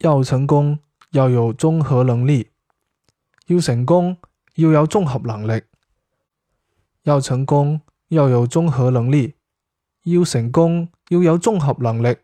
要成功，要有綜合能力，要成功，要有綜合能力，要成功，要有綜合能力，要成功，要有綜合能力。